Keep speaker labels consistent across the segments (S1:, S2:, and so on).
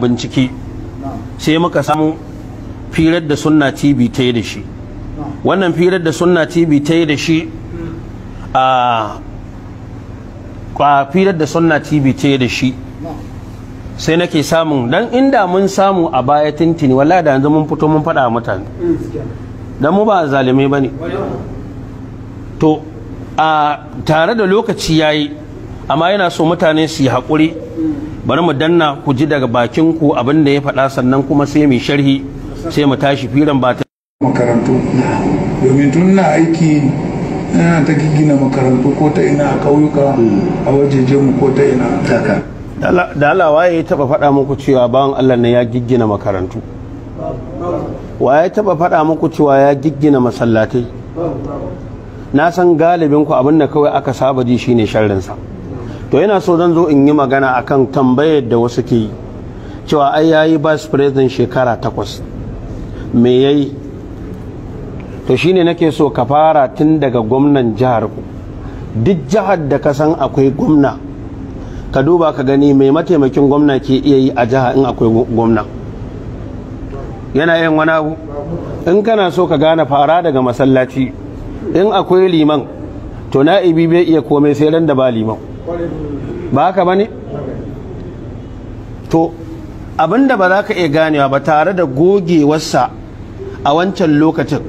S1: bincike sai muka samu firar da sunna tv ta yi da shi wannan firar da sunna tv ta yi da shi a firar da sunna tv ta yi da shi sai nake samun dan inda mun samu a baya tintini wallahi da yanzu mun fito mun faɗa mutane dan mu ba zalimai ne to a tare da lokaci yayi amma yana so mutane su yi haƙuri bari mu danna ku ji daga bakin ku abin da ya faɗa sannan kuma sai mu sharhi sai mu tashi firan ba ta
S2: makarantu domin tun na aiki ina ta gina makarantu ko ta ina a ƙauyuka a mu ko ta ina
S1: da Allah waye ya taba faɗa muku cewa bawan Allah ne ya giggina makarantu waye taba faɗa muku cewa ya giggina masallatai na san galibin ku abin da kawai aka saba ji shine sharrinsa to yana so zan zo in yi magana a kan tambayar da wasu ke yi cewa ai yayi vice president shekara takwas me yayi to shine nake so ka fara tun daga gwamnan jihar ku duk jihar da ka san akwai gwamna ka duba ka gani mai mataimakin gwamna ke iya yi a jiha in akwai gwamna yana yin wani abu in kana so ka gane fara daga masallaci in akwai liman to na'ibi bai iya komai sai ran da ba liman ba haka ba ne to abinda ba za ka iya ganewa ba tare da gogewarsa a wancan lokacin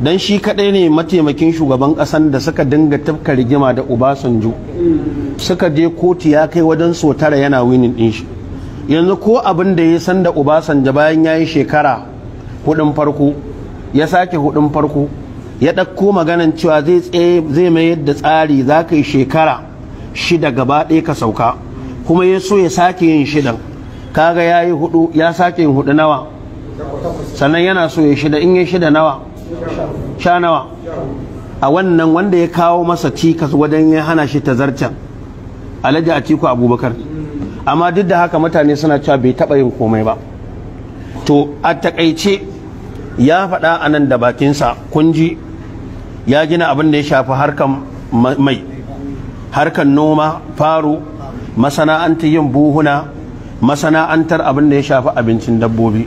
S1: don shi kaɗai ne mataimakin shugaban kasan da suka dinga tafka rigima da obasanjo suka je kotu ya kai wajen so yana winin din shi yanzu ko abin da ya san da obasanjo bayan ya yi shekara hudun farko ya sake hudun farko ya ɗauko maganan cewa zai tsaye zai mayar da tsari za ka yi shekara shida gaba ɗaya ka sauka kuma ya so ya sake yin shidan kaga ya yi hudu ya sake yin hudu nawa sannan yana so ya shida in ya shida nawa sha nawa a wannan wanda ya kawo masa cikas wajen ya hana shi ta alaji a ciku abubakar amma duk da haka mutane suna cewa bai taɓa yin komai ba to a takaice ya faɗa anan da bakinsa kunji ya gina abin da ya shafi harkar mai harkar noma faro masana'antar yin buhuna masana'antar abin da ya shafi abincin dabbobi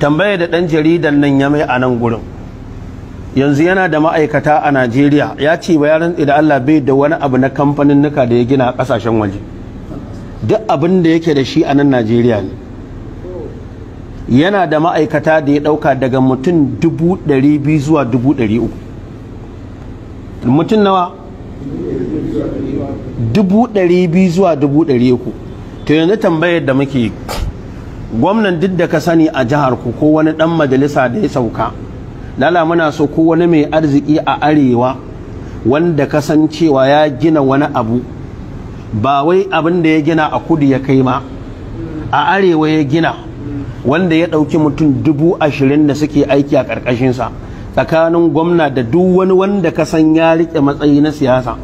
S1: tambaya da ɗan jaridan nan ya mai a nan gurin yanzu yana da ma'aikata a najeriya ya ce bayaran idan allah bai da wani abu na kamfanin nuka da ya gina a ƙasashen waje duk abin da yake da shi a nan najeriya ne yana da ma'aikata da ya ɗauka daga mutum dubu ɗari biyu zuwa dubu ɗari uku mutum nawa dubu biyu zuwa dubu uku to yanzu tambayar da muke gwamnan duk da ka sani a jihar ku ko wani ɗan majalisa da ya sauka lala muna so ko wani mai arziki a arewa wanda ka cewa ya gina wani abu ba wai abin da ya gina a kudu ya kai ma a arewa ya gina wanda ya ɗauki mutum dubu ashirin da suke aiki a ƙarƙashinsa tsakanin gwamna da duk wani wanda ka san ya rike matsayi na siyasa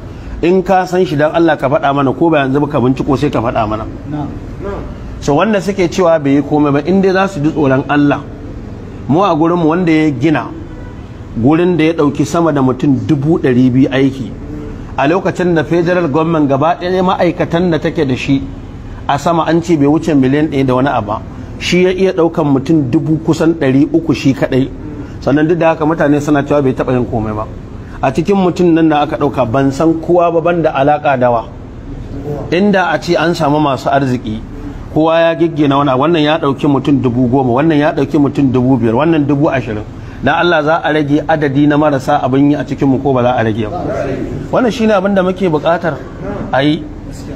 S1: in ka san shi dan Allah ka faɗa mana ko ba yanzu ba ka binciko sai ka faɗa mana so wanda suke cewa bai yi komai ba in dai za su ji tsoron Allah mu a gurin mu wanda ya gina gurin da ya dauki sama da mutum dubu ɗari biyu aiki a lokacin da federal government gaba ɗaya ma'aikatan da take da shi a sama an ce bai wuce miliyan ɗaya da wani abu shi ya iya ɗaukan mutum dubu kusan ɗari uku shi kaɗai sannan duk da haka mutane suna cewa bai taɓa yin komai ba a cikin mutum nan da aka ɗauka ban san kowa ba ban da alaƙa dawa inda a ce an samu masu arziki kowa ya giggina wani wannan ya ɗauki mutum dubu goma wannan ya ɗauki mutum dubu biyar wannan dubu ashirin na Allah za a rage adadi na marasa abin yi a cikin mu ko ba za a rage ba wannan shine abin da muke buƙatar a yi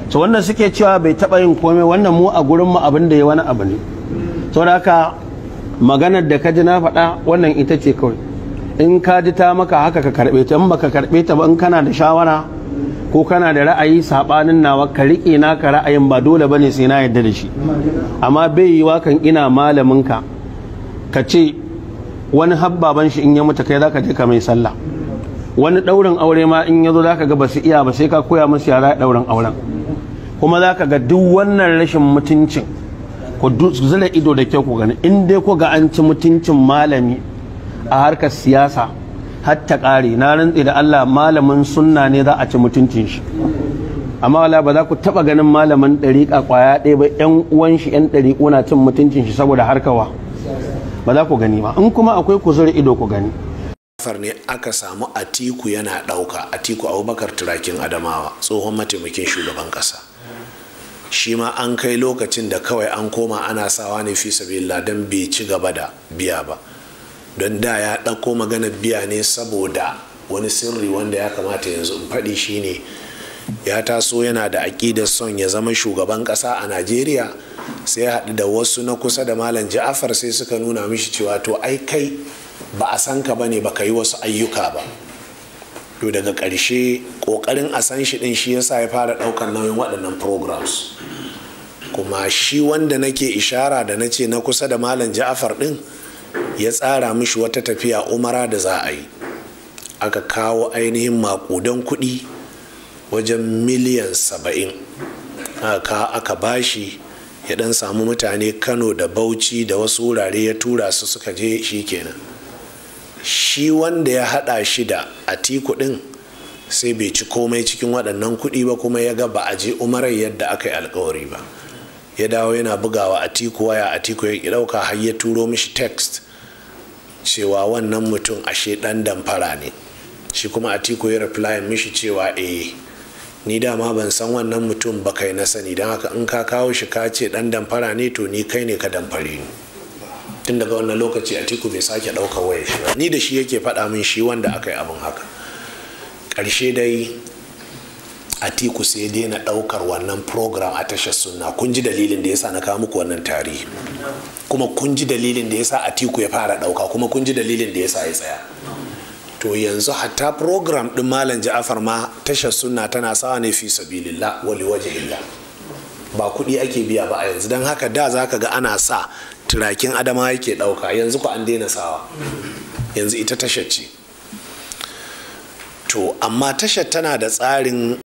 S1: to wannan suke cewa bai taɓa yin komai wannan mu a gurin mu abin da ya wani abu ne saboda haka maganar da ka ji na faɗa wannan ita ce kawai in ka ji ta maka haka ka karɓe ta in baka karɓe ta ba in kana da shawara ko kana da ra'ayi saɓanin nawa ka riƙe naka ra'ayin ba dole bane sai na yarda da shi amma bai yi kan ina malamin ka ka ce wani habbaban shi in ya mutu kai zaka je ka mai sallah wani ɗaurin aure ma in yazo zaka ga ba su iya ba sai ka koya musu yara daurin auren kuma zaka ga duk wannan rashin mutuncin ku zira ido da kyau ku gani in dai ku ga an ci mutuncin malami a harkar siyasa hatta ƙare na rantse da Allah malamin sunna ne za a ci mutuncin shi amma wala ba za ku taba ganin malamin ɗariƙa kwaya ɗaya ba ƴan uwan shi ƴan ɗariƙo na cin mutuncin shi saboda harkawa
S2: ba za ku gani ba in kuma akwai ku zura ido ku gani kafar ne aka samu atiku yana ɗauka atiku abubakar turakin adamawa tsohon mataimakin shugaban ƙasa shi ma an kai lokacin da kawai an koma ana sawa ne fi sabilillah don bai ci gaba da biya ba don da ya ɗauko magana biya ne saboda wani sirri wanda ya kamata yanzu in faɗi ne ya taso yana da aƙidar son ya zama shugaban ƙasa a najeriya sai ya haɗu da wasu na kusa da malam ja'afar sai suka nuna mishi cewa to ai kai ba a san ka ba ne ba ka yi wasu ayyuka ba to daga ƙarshe ƙoƙarin a san shi ɗin shi yasa ya fara ɗaukar nauyin waɗannan programs kuma shi wanda nake ishara da na ce na kusa da malam ja'afar ɗin ya tsara mishi wata tafiya umara da za a yi aka kawo ainihin maƙudan kuɗi wajen miliyan saba'in aka aka bashi ya ɗan samu mutane kano da bauchi da wasu wurare ya tura su suka je shi kenan shi wanda ya hada shi da atiku din sai bai ci komai cikin waɗannan kuɗi ba kuma ya ga ba a je umarai yadda aka yi alkawari ba ya dawo yana bugawa a tiku waya a tiku ya ɗauka har ya turo mishi text cewa wannan mutum ashe ɗan damfara ne shi kuma a tiku ya reply mishi cewa eh ni dama ban san wannan mutum ba kai na sani don haka in ka kawo shi ka ce ɗan damfara ne to ni kai ne ka damfare ni tun daga wannan lokaci a tiku bai sake ɗaukar waya shi ni da shi yake faɗa min shi wanda aka yi abin haka ƙarshe dai a tiku sai daina ɗaukar wannan program a tashar suna kun ji dalilin da ya sa na kawo muku wannan tarihi kuma kun ji dalilin da ya sa a tiku ya fara ɗauka kuma kun ji dalilin da ya sa ya tsaya to yanzu hatta program ɗin malam ja'afar ma tashar suna tana sawa ne fi sabilillah wali waje illa ba kuɗi ake biya ba a yanzu don haka da za ka ga ana sa turakin adama yake ɗauka yanzu ku an daina sawa yanzu ita tashar ce to amma tashar tana da tsarin